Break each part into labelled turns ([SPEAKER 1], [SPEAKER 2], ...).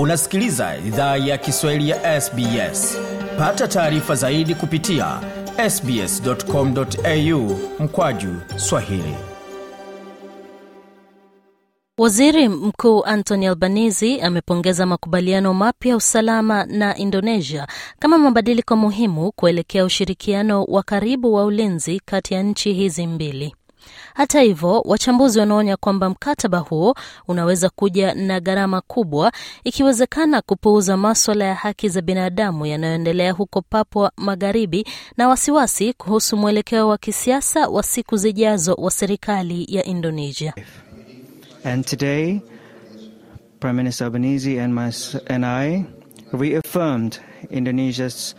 [SPEAKER 1] unasikiliza idhaa ya kiswahili ya sbs pata taarifa zaidi kupitia sbscomau
[SPEAKER 2] mkwaju swahili
[SPEAKER 1] waziri mkuu antony albanizi amepongeza makubaliano mapya ya usalama na indonesia kama mabadiliko muhimu kuelekea ushirikiano wa karibu wa ulinzi kati ya nchi hizi mbili hata hivyo, wachambuzi wanaonya kwamba mkataba huo unaweza kuja na gharama kubwa, ikiwezekana kupuuza maswala ya haki za binadamu yanayoendelea huko Papua Magharibi na wasiwasi kuhusu mwelekeo wa kisiasa wa siku zijazo wa serikali ya Indonesia.
[SPEAKER 2] And today, Prime Minister Albanese and, my, and I reaffirmed Indonesia's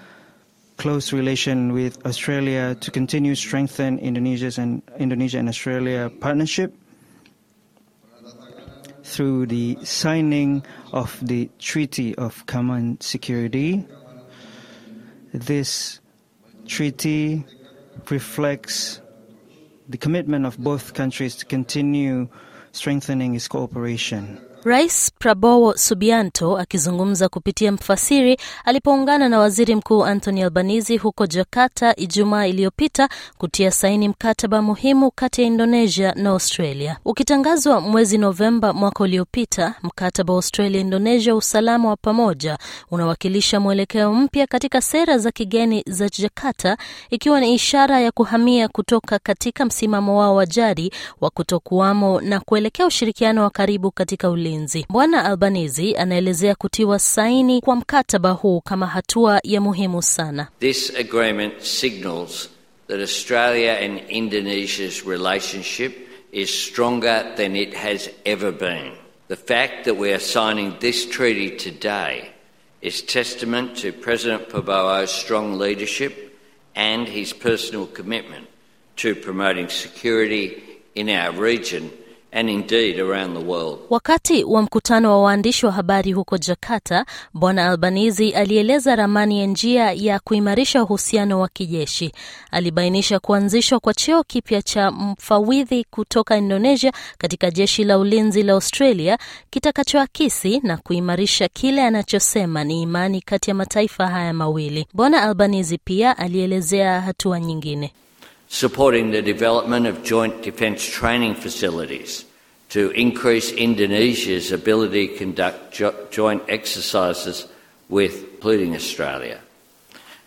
[SPEAKER 2] close relation with Australia to continue strengthen Indonesia's and Indonesia and Australia partnership through the signing of the Treaty of Common Security. This treaty reflects the commitment of both countries to continue strengthening its cooperation.
[SPEAKER 1] Rais Prabowo Subianto akizungumza kupitia mfasiri alipoungana na Waziri Mkuu Anthony Albanese huko Jakarta Ijumaa iliyopita kutia saini mkataba muhimu kati ya Indonesia na Australia. Ukitangazwa mwezi Novemba mwaka uliopita, mkataba wa Australia Indonesia usalama wa pamoja unawakilisha mwelekeo mpya katika sera za kigeni za Jakarta, ikiwa ni ishara ya kuhamia kutoka katika msimamo wao wa jadi wa kutokuwamo na kuelekea ushirikiano wa karibu katika ulinzi ulinzi. Bwana Albanese anaelezea kutiwa saini kwa mkataba huu kama hatua ya muhimu sana.
[SPEAKER 2] This agreement signals that Australia and Indonesia's relationship is stronger than it has ever been. The fact that we are signing this treaty today is testament to President Prabowo's strong leadership and his personal commitment to promoting security in our region And indeed around the world.
[SPEAKER 1] Wakati wa mkutano wa waandishi wa habari huko Jakarta, Bwana albanizi alieleza ramani ya njia ya kuimarisha uhusiano wa kijeshi. Alibainisha kuanzishwa kwa cheo kipya cha mfawidhi kutoka Indonesia katika jeshi la ulinzi la Australia kitakachoakisi na kuimarisha kile anachosema ni imani kati ya mataifa haya mawili. Bwana albanizi pia alielezea hatua nyingine.
[SPEAKER 2] supporting the development of joint defence training facilities to increase Indonesia's ability to conduct jo- joint exercises with, including Australia,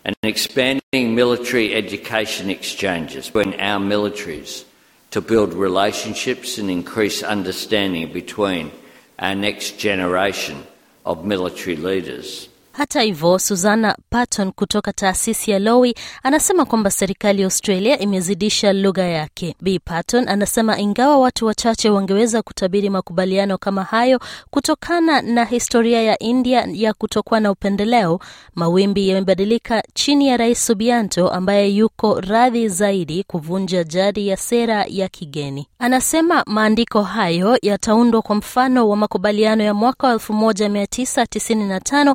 [SPEAKER 2] and expanding military education exchanges between our militaries to build relationships and increase understanding between our next generation of military leaders.
[SPEAKER 1] Hata hivyo, Susanna Patton kutoka taasisi ya lowi anasema kwamba serikali ya Australia imezidisha lugha yake. b Patton anasema ingawa watu wachache wangeweza kutabiri makubaliano kama hayo kutokana na historia ya India ya kutokuwa na upendeleo, mawimbi yamebadilika chini ya Rais Subianto ambaye yuko radhi zaidi kuvunja jadi ya sera ya kigeni. Anasema maandiko hayo yataundwa kwa mfano wa makubaliano ya mwaka 1995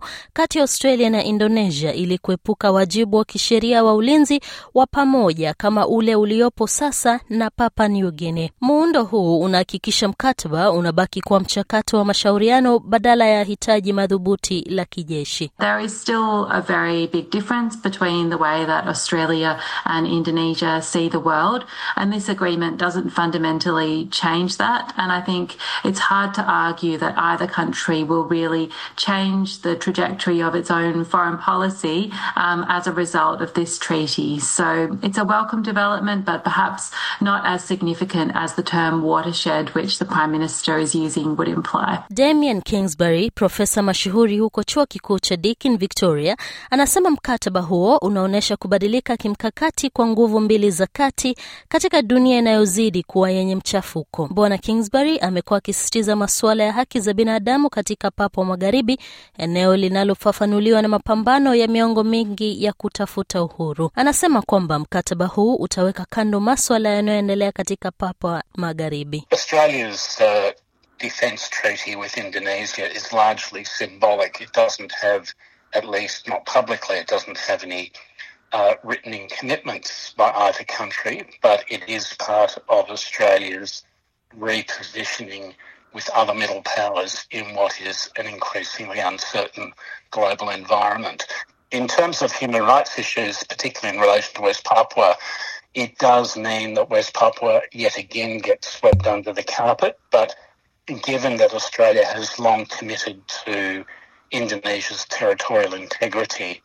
[SPEAKER 1] kati ya Australia na Indonesia ili kuepuka wajibu wa kisheria wa ulinzi wa pamoja kama ule uliopo sasa na Papua New Guinea. Muundo huu unahakikisha mkataba unabaki kuwa mchakato wa mashauriano badala ya hitaji madhubuti la kijeshi. There is still a
[SPEAKER 3] very big difference between the way that Australia and Indonesia see the world and this agreement doesn't fundamentally change that and I think it's hard to argue that either country will really change the trajectory of its own foreign policy um, as a result of this treaty. So it's a welcome development, but perhaps not as significant as the term watershed, which the Prime Minister is using, would imply.
[SPEAKER 1] Damien Kingsbury, Professor mashuhuri huko chuo kikuu cha Deakin, Victoria, anasema mkataba huo unaonyesha kubadilika kimkakati kwa nguvu mbili za kati katika dunia inayozidi kuwa yenye mchafuko. Bwana Kingsbury amekuwa akisisitiza masuala ya haki za binadamu katika papo magharibi, eneo linalofa kufafanuliwa na mapambano ya miongo mingi ya kutafuta uhuru. Anasema kwamba mkataba huu utaweka kando maswala yanayoendelea katika Papua Magharibi.
[SPEAKER 4] Uh, defense treaty is largely symbolic. It have, at least not publicly, it doesn't have any uh, commitments by either country, but it is part of Australia's repositioning with other middle powers in what is an increasingly uncertain global environment. In terms of human rights issues, particularly in relation to West Papua, it does mean that West Papua yet again gets swept under the carpet. But given that Australia has long committed to Indonesia's territorial integrity,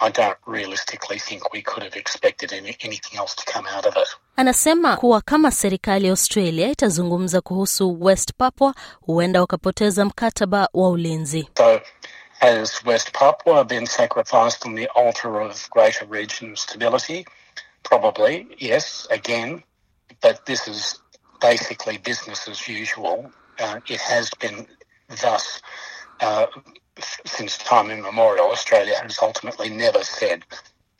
[SPEAKER 4] I don't realistically think we could have expected any, anything else to come out of it.
[SPEAKER 1] Anasema kuwa kama serikali ya Australia itazungumza kuhusu West Papua huenda wakapoteza mkataba wa ulinzi.
[SPEAKER 4] So, has West Papua been sacrificed on the altar of greater regional stability? Probably, yes, again, but this is basically business as usual. Uh, it has been thus uh, since time immemorial, Australia has ultimately never said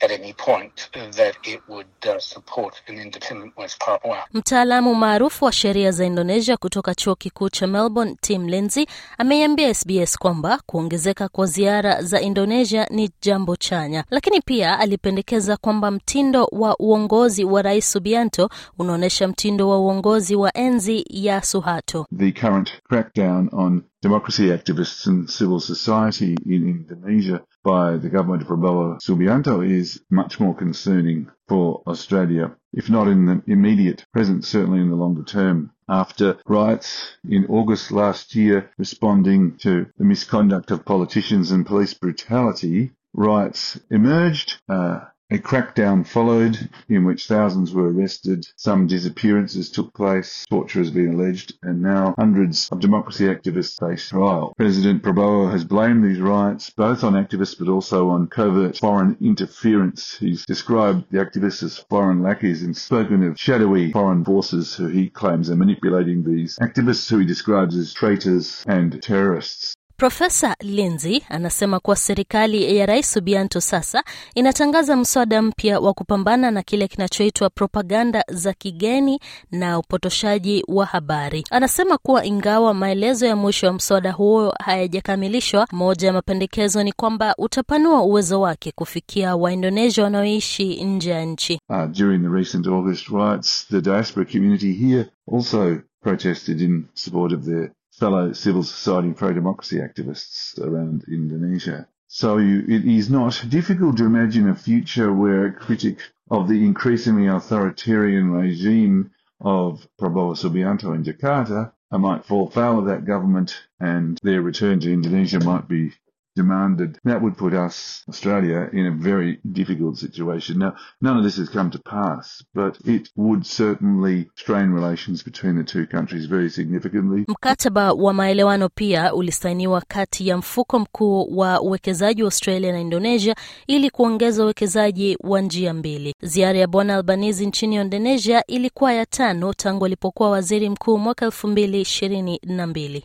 [SPEAKER 4] at any point that it would uh, support an independent West Papua.
[SPEAKER 1] Mtaalamu maarufu wa sheria za Indonesia kutoka chuo kikuu cha Melbourne, Tim Lindsay, ameiambia SBS kwamba kuongezeka kwa ziara za Indonesia ni jambo chanya, lakini pia alipendekeza kwamba mtindo wa uongozi wa Rais Subianto unaonyesha mtindo wa uongozi wa enzi ya Suharto.
[SPEAKER 3] The current crackdown on democracy activists and civil society in Indonesia by the government of Prabowo Subianto is much more concerning for Australia, if not in the immediate present, certainly in the longer term. After riots in August last year responding to the misconduct of politicians and police brutality, riots emerged. Uh, a crackdown followed, in which thousands were arrested, some disappearances took place, torture has been alleged, and now hundreds of democracy activists face trial. President Prabowo has blamed these riots both on activists but also on covert foreign interference. He's described the activists as foreign lackeys and spoken of shadowy foreign forces who he claims are manipulating these activists who he describes as traitors and terrorists.
[SPEAKER 1] Profesa Linzi anasema kuwa serikali ya Rais ubianto sasa inatangaza mswada mpya wa kupambana na kile kinachoitwa propaganda za kigeni na upotoshaji wa habari. Anasema kuwa ingawa maelezo ya mwisho ya mswada huo hayajakamilishwa, moja ya mapendekezo ni kwamba utapanua uwezo wake kufikia Waindonesia wanaoishi nje ya nchi.
[SPEAKER 3] Uh, during the recent August riots, the diaspora community here also protested in support of the fellow civil society and pro-democracy activists around Indonesia. So you, it is not difficult to imagine a future where a critic of the increasingly authoritarian regime of Prabowo Subianto in Jakarta might fall foul of that government and their return to Indonesia might be demanded. That would put us, Australia, in a very difficult situation. Now, none of this has come to pass, but it would certainly strain relations between the two countries very significantly.
[SPEAKER 1] Mkataba wa maelewano pia ulisainiwa kati ya mfuko mkuu wa uwekezaji wa Australia na Indonesia ili kuongeza uwekezaji wa njia mbili. Ziara ya Bwana Albanese nchini Indonesia ilikuwa ya tano tangu alipokuwa waziri mkuu mwaka elfu mbili ishirini na mbili